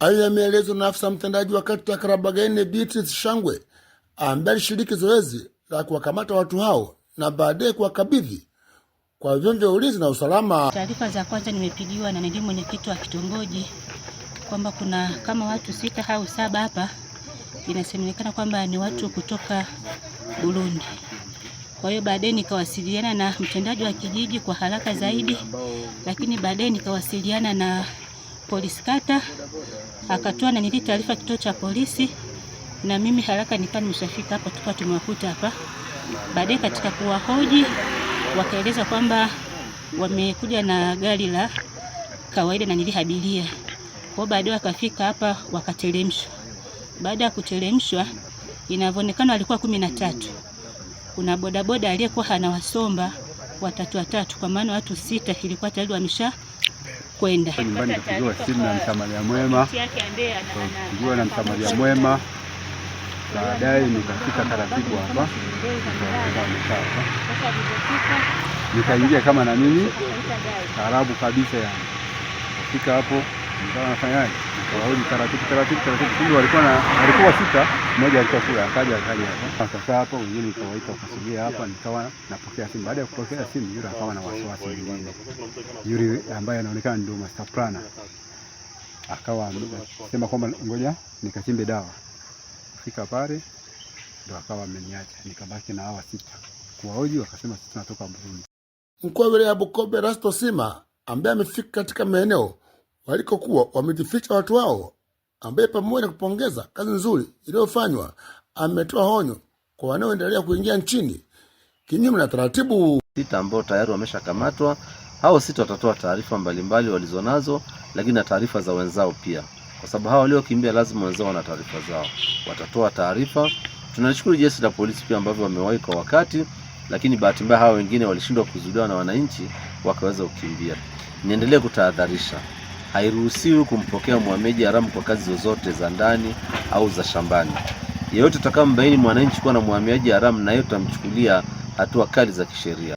Aidha, yameelezwa na afisa mtendaji wa kata ya Karabagaine Beatrice Shangwe ambaye alishiriki zoezi la kuwakamata watu hao na baadaye kuwakabidhi kwa vyombo vya ulinzi na usalama. Taarifa za kwanza nimepigiwa na ndio mwenyekiti wa kitongoji kwamba kuna kama watu sita au saba hapa, inasemekana kwamba ni watu kutoka Burundi. Kwa hiyo baadaye nikawasiliana na mtendaji wa kijiji kwa haraka zaidi, lakini baadaye nikawasiliana na polisi kata, akatoa na nili taarifa kituo cha polisi, na mimi haraka nikaa nimeshafika hapa, tukawa tumewakuta hapa. Baadaye katika kuwahoji wakaeleza kwamba wamekuja na gari la kawaida na nili kwao. Baadaye wakafika hapa wakateremshwa. Baada ya kuteremshwa, inavyoonekana walikuwa kumi na tatu. Kuna bodaboda aliyekuwa anawasomba watatu watatu, kwa maana watu sita ilikuwa tayari wamesha kwenda nyumbani kupigiwa simu na msamaria mwema, kupigiwa na msamaria mwema. Baadaye nikafika taratibu hapa, nikaingia kama na mimi taarabu kabisa, yani kafika hapo nafanyaje, nikawarudi taratibu taratibu taratibu, walikuwa na sita, mmoja alikuwa kule akaja akaja hapa sasa hapo, wengine nikawaita hapa, nikawa napokea simu. Baada ya kupokea simu, yule akawa na wasiwasi mwingine, yule ambaye anaonekana ndio master planner akawa sema kwamba ngoja nikachimbe dawa. Fika pale ndo akawa ameniacha, nikabaki na hawa sita wakasema sisi tunatoka Burundi. Mkuu wa wilaya ya Bukobe Erasto Sima ambaye amefika katika maeneo walikokuwa wamejificha watu wao, ambaye pamoja na kupongeza kazi nzuri iliyofanywa ametoa honyo kwa wanaoendelea kuingia nchini kinyume na taratibu. Sita ambao tayari wameshakamatwa, hao sita watatoa taarifa mbalimbali walizonazo, lakini na taarifa za wenzao pia, kwa sababu hao waliokimbia lazima wenzao wana taarifa zao, watatoa taarifa. Tunashukuru jeshi la polisi pia ambavyo wamewahi kwa wakati, lakini bahati mbaya hao wengine walishindwa kuzuiliwa na wananchi wakaweza kukimbia. Niendelee kutahadharisha hairuhusiwi kumpokea mhamiaji haramu kwa kazi zozote za ndani au za shambani. Yeyote atakayembaini mwananchi kuwa na mhamiaji haramu, na naye tutamchukulia hatua kali za kisheria.